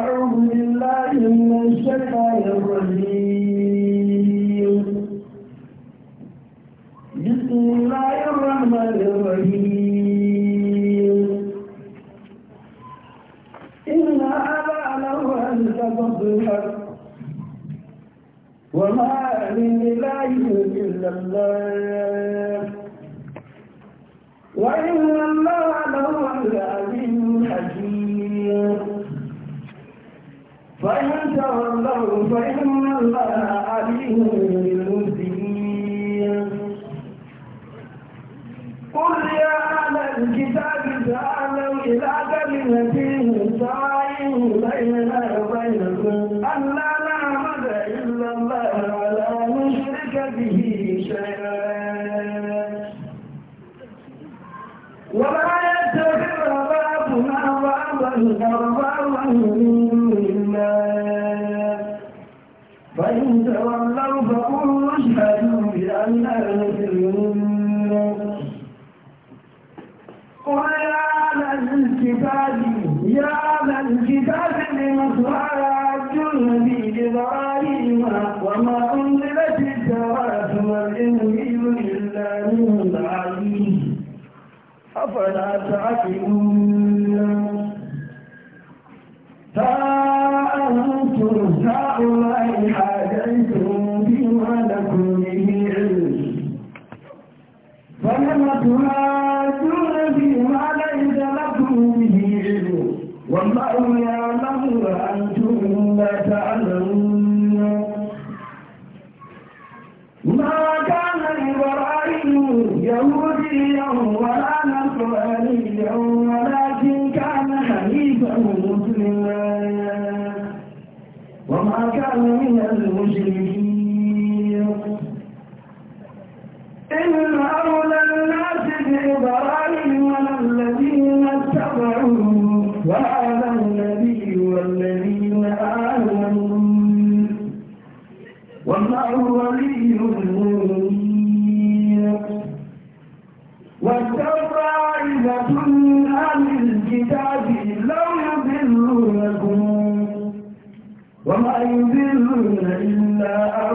أعوذ بالله من الشيطان الرجيم بسم الله الرحمن الرحيم إن أبا له أن الحق وما من إله إلا الله فإن الله عليم للمسلمين قل يا أهل الكتاب تعالوا إلى كلمة سواء بيننا وبينكم أن لا نعبد إلا الله ولا نشرك به شيئا ولا يتخذ بعضنا بعضا أربابا من دون الله فإن تولوا فقولوا اشهدوا بأننا مسلمون قل يا أهل الكتاب يا أهل الكتاب لم تحاجون في إبراهيم وما أنزلت التوراة والإنجيل إلا من بعده أفلا تعقلون أنتم هؤلاء حاجيتم فيما لكم به علم فلم تهاجون فيما ليس لكم به علم والله يعلم وأنتم لا تعلمون ما كان إبراهيم يهوديا ولا نصرانيا ولكن كان حنيفا مسلما وما كان من المشركين إن أولى الناس بإبراهيم الذين اتبعوه وهذا النبي والذين آمنوا والله ولي المؤمنين والتوراة وما يذلون إلا